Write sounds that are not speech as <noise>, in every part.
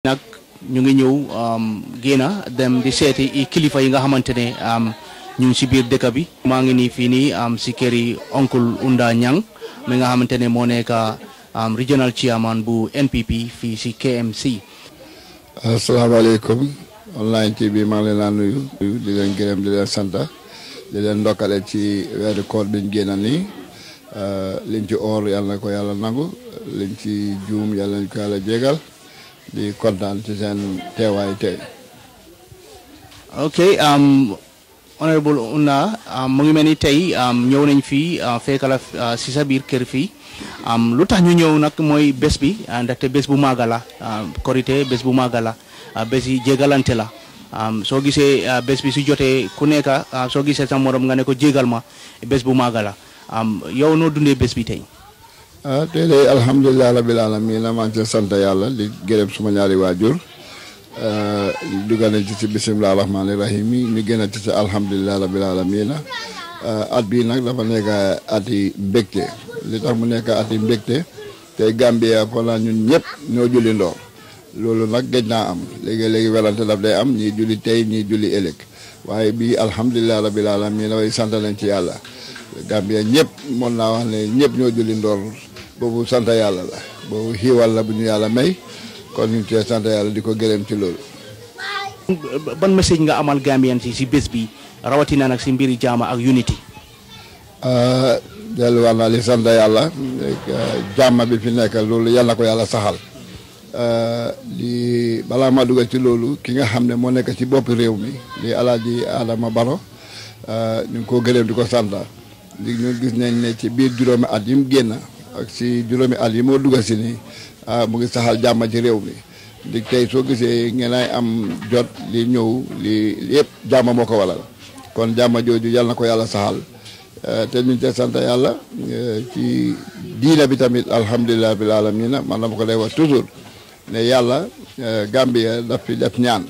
Nak ñu ngi um génn dem di séti i kilifa yi nga xamantene um ñu ci si biir dëkk bi ma ngi ni fi ni um ci kéri oncle Unda Ñang mi nga xamantene mo moo um regional chairman bu NPP fi ci KMC. alaykum online TV ma ngi la nuyu di leen gërëm di leen santa di leen ndokalé ci weeru koor gëna ni euh liñ ci or yalla ko yalla nangu liñ ci joom yalla ko yalla jégal. di kontaan ci seen teewaay tey. ok um, honorable Unna um, mu ngi mel ni tey um, ñëw nañ fii uh, fekk la uh, si sa biir kër fii lu tax ñu ñëw nag mooy bés bi uh, ndaxte bés bu màgg la korité bés bu màgg la bés yi jégalante la soo gisee bés bi si jotee ku nekk soo gisee sa morom nga nekko ko ma bés bu màgg la yow noo dundee bés bi tey. ah tey day alhamdulilah rabil aalamiina maa ngi ciy sant yàlla di gërëm suma ñaari waajur ah, dugal nañ ci si bisimilah rahmaani rahim yi ñu gën a ci si alhamdulilah rabil aalamiina ah, at bii nag dafa nekk ati mbégte li tax mu nekk ati mbégte tey Gambia pendant ñun ñëpp ñoo julli ndoor loolu nag gëj naa am léegi léegi werante daf day am ñii julli tey ñii julli ëllëg waaye bii alhamdulilah rabil aalamiina way sant nañ ci yàlla Gambia ñëpp mën naa wax ne ñëpp ñoo julli Bubu santa yalla la bobu hiwal la buñu yalla may kon ñu té santa yalla diko di ci lool ban message nga amal gamien si ci bés bi rawatina nak ci mbiri jaama ak unity. Ah, delu wala li sant yàlla jàmm bi fi nekk lool yalla ko yalla saxal ah, li bala ma dugal ci lool ki nga xamne mo ci bop rew mi li aladi Adama Baro ah, ñu ko gëlem di ko sant ñu gis nañ ne ci biir juróomi at ak si juróomi at yi moo dugal si nii ah, mu ngi saxal jàmm ci réew mi di tey soo gisee ngeen am jot li ñëw yëpp jàmm moo ko waral kon jàmm jooju yàlla na ko yàlla saxal eh, te ñu ngi sant yàlla eh, ci diina bi tamit alhamdulilah bil alamina man dama ko day wax toujours ne yàlla eh, Gambia daf fi def ñaan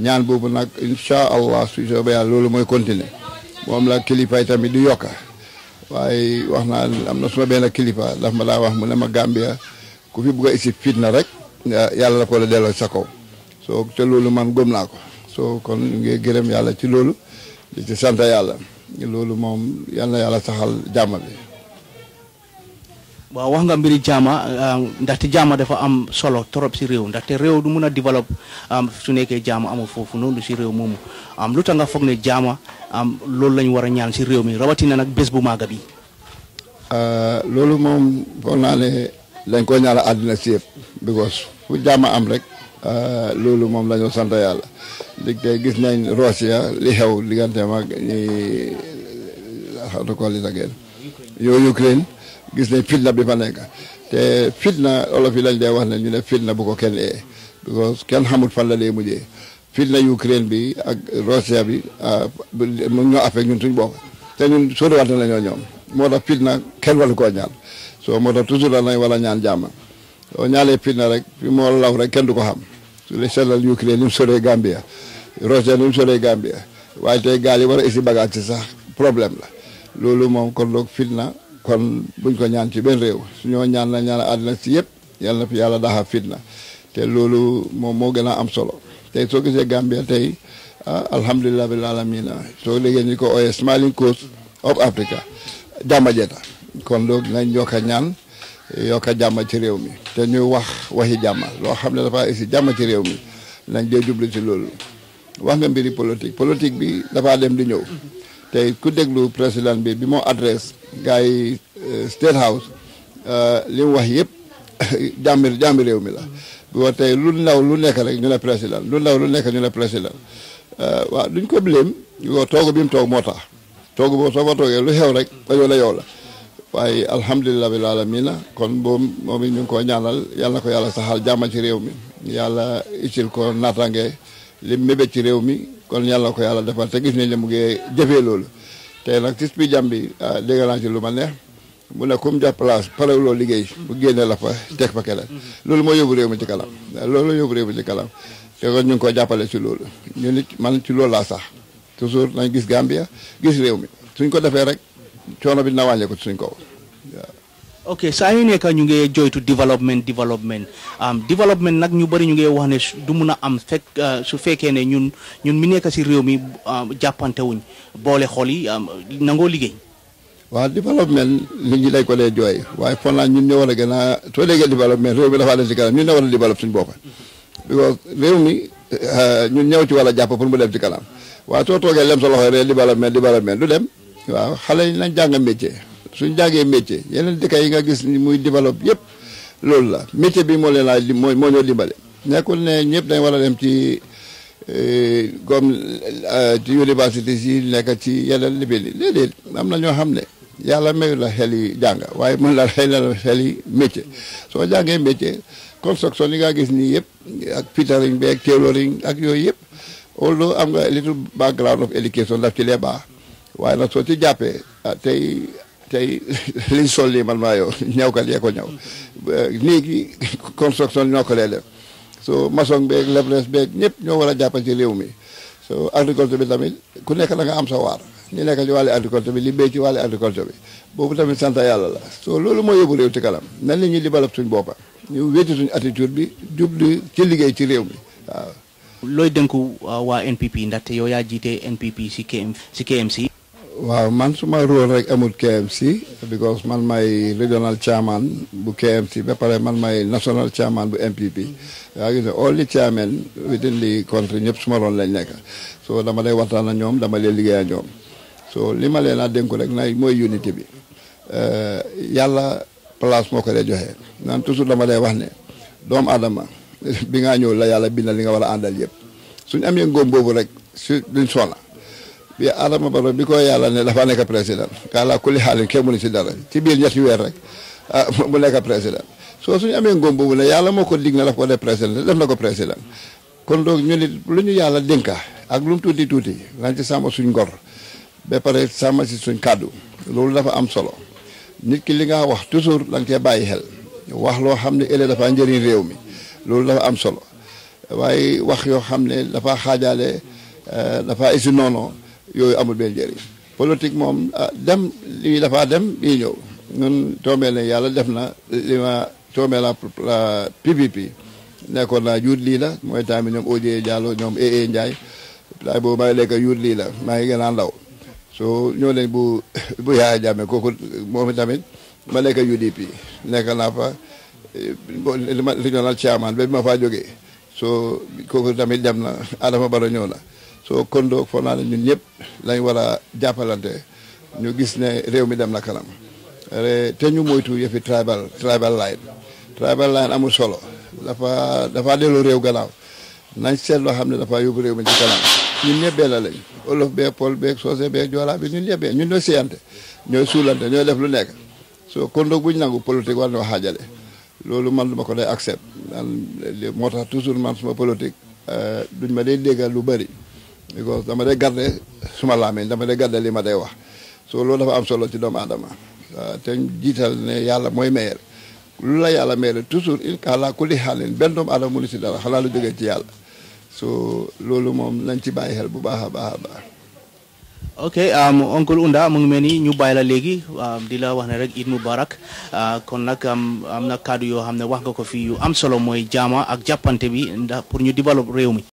ñaan boobu nag incha allah su soobee yàlla loolu mooy continuer moom la kilifaay tamit du yokka waaye wax naa am na suma benn kilifa daf ma daa wax mu ne ma Gambia ku fi bugg a isi fitna rek yàlla la ko la delloo sa kaw soo te man gëm naa ko soo kon ñu ngi gërëm yàlla ci loolu di ci sant yàlla loolu moom yàlla na yàlla saxal jàmm bi waaw wax nga mbiri jaama euh, ndaxte jaama dafa am solo trop si réew ndaxte réew du mun a développe su nekkee jaama amul foofu noonu si réew moom am lu tax nga foog ne jaama am loolu lañu war a ñaan si réew mi rawatina nag bés bu maaga bi. Euh, loolu moom foog naa dañ koo ñaala àddina si yëpp because am rek euh, loolu moom la sant yàlla léegi tey gis nañ Russia li xew digganteem ak ñi xaw ma ko li Ukraine. gis nañ fitna bi fa nekk te fitna olof yi lañ dee wax ne ñu ne fitna bu ko kenn ee because kenn xamul fan la dee mujjee fitna Ukraine bi ak Russia bi ah, mu ñoo affecté ñun suñ bopp te ñun sóoriwante la ñoo ñoom moo tax fitna kenn walu koo ñaan soo moo tax toujours la nañ wala ñaan jàmma soo ñaalee fitna rek fi moo law rek kenn du ko xam su dee seetlal Ukraine ni mu soree Gambia Russia ni mu soree Gambia waaye tey gaal yi war a isi bagage ci sax problème la loolu moom kon donc fitna kon buñ ko ñaan ci benn réew ñoo ñaan na ñaan àddina si yëpp yàlla na fi yàlla daxa fitna te loolu moom moo gën a am solo tey soo gisee Gambia tey ah, alhamdulilah bil alamina soo déggee ñu ko ooyee smiling coast of Africa jàmma jeeta kon loolu nañ yokk ñaan yokk a jàmm ci réew mi te ñuy wax waxi jàmm loo xam ne dafa si jàmm ci réew mi nañ dee jublu ci loolu wax nga mbiri politique politique bi dafa dem di ñëw tey ku déglu président bi bi moo adresse gars yi euh, state house euh, li mu wax yépp <laughs> jàmmi jàmmi réew mi la boo tey lu naw lu nekk rek ñu ne président lu ndaw lu nekk ñu ne président euh, waaw duñ ko bileem yow toogu bi mu toog moo tax toogu boo soo fa toogee lu xew rek dañoo la yow la waaye alhamdulilah bil alamina kon boobu moom it ñu ngi ko ñaanal yàlla na ko yàlla saxal jàmm ci réew mi yàlla isil ko naataange li mébét ci réew mi kon yàlla ko yàlla defal te gis nañ ne mu ngi jëfee loolu tey nag tis bi jàmm ah, bi dégg naa ci lu ma neex mu ne comme jàpp place parewuloo liggéey bu génne la fa teg fa keneen loolu moo yóbbu réew mi ci kanam loolu yóbbu réew mi ci kanam te kon ñu ko jàppale ci loolu ñu nit man ci loolu laa sax toujours nañ gis Gambia gis réew mi suñ ko defee rek coono bi na wàññeeku suñ kaw ok saa yu nekk ñu ngi joytu development development development nag ñu bari ñu ngi wax ne du mun a am fekk euh, su fekkee ne ñun ñun mi nekk si réew mi jàppantewuñ boole xol yi nangoo liggéey. waaw development nit ñi dañ ko dee jooy waaye foog naa ñun ñëw war a gën a soo déggee development réew mi dafa dem si kanam ñun ñoo war a développe suñu bopp. because réew mi euh, ñun ñëw ci war a jàpp pour mu dem ci kanam waaye soo toogee lem sa loxo rek development development du dem waaw xale yi nañ jàng suñ jàngee métier yeneen dëkk yi nga gis ni muy développe yëpp loolu la métier bi moo leen laa di moo moo ñoo dimbale nekkul ne ñëpp dañ war a dem ci euh, comme euh, ci université yi nekk ci yeneen libi li léeg am na ñoo xam ne yàlla mayu la xel yi jàng waaye mën la xel la yi métier soo jàngee métier construction yi nga gis nii yëpp ak pittering bi ak tailoring ak yooyu yëpp although am nga little background of education daf ci lee baax waaye nag soo ci jàppee ah, tey <laughs> liñ sol lii man maa yow ñawkat yee ko ñaw léegi euh, <laughs> construction ñoo ko lee def so maçon beeg lebles beeg ñëpp ñoo war a jàppal ci réew mi so agriculture bi tamit ku nekk da am sa waar ñu nekk ci wàllu agriculture bi li béy ci wàllu agriculture bi boobu tamit sant yàlla la so loolu moo yóbbu réew ci kanam nan la ñuy libalab suñ boppa ñu wécci suñ attitude bi jublu ci liggéey ci réew mi waaw looy dénku waa NPP ndaxte yow yaa jiite NPP si KM si KMC waaw man su suma rôle rek amul KMC because man may regional chairman bu KMC ba pare man may national chairman bu MPP yaa ngi ne all the chairman within li contre ñëpp suma rôle lañ nekk so dama lay waxtaan ak ñoom dama lay liggéey ak ñoom so li ma leen a dénku rek nay mooy unité bi eh, yàlla place moo ko dee joxe naan toujours dama lay wax ne doomu aadama <laughs> bi ngaa ñëw la yàlla bii na li nga war a àndal yëpp suñu amee ngóom boobu rek su duñ soxla bi Adama Barrow bi ko yàlla ne dafa nekk président kàllaa kulli xaalin kenn mënu si dara ci biir ñetti weer rek ah mu nekk président soo suñu amee ngóom boobu ne yàlla moo ko dig na daf ko def président def na ko président kon doo ñu nit lu ñu yàlla dénka ak lu mu tuuti tuuti nañ ci sàmm suñ ngor ba pare sàmm si suñ kàddu loolu dafa am solo nit ki li nga wax toujours da nga cee bàyyi xel wax loo xam ne ëllëg dafa njëriñ réew mi loolu dafa am solo waaye wax yoo xam ne dafa xaajaale eh, dafa isi noonu yooyu amul benn njëriñ politique moom ah, dem lii dafaa dem lii ñëw ñun toomee na yàlla def na li ma toomee la PPP nekkoon naa yuut lii la mooy tamit ñoom Odie Diallo ñoom ee Ndiaye laay boobu maa ngi yuut lii la maa ngi gën a ndaw so ñoo leen bu <laughs> bu yaaya jàmme kooku tamit ma nekk UDP nekk naa fa eh, li ba bi ma faa jógee so kooku tamit dem na Adama Barrow ñëw na soo kon doog foog naa ne ñun ñëpp lañ war a jàppalante ñu gis ne réew mi dem na kanam te ñu moytu yëfi tribal tribal line tribal line amul solo dafa dafa delloo réew gannaaw nañ seet loo xam ne dafa yóbbu réew mi ci kanam ñun ñëpp la lañ olof beeg pol beeg soose beeg joolaa bi ñun ñëpp ñun ñooy siyante ñooy suulante ñooy def lu nekk soo kon doog bu ñu nangu politique war na xaajale loolu man duma ko day accept moo tax toujours man suma politique euh, duñ ma day déggal lu bëri because dama day gardé suma lamé dama day gardé li ma day wax so loolu dafa am solo ci doom aadama té jital ne yalla moy meyer lu la yàlla meere toujours il kala ku halin xaalin benn doomu aadama mënu ci dara xalaa lu ci yalla so loolu mom lañ ci baye xel bu baaxa baaxa ba ok um, Uncle unda mu ngi mel ni ñu bàyyi la léegi um, di la wax ne rek mubarak uh, kon am na kàddu wax nga ko fi yu am solo mooy jaama ak jàppante bi ndax pour ñu develop réew mi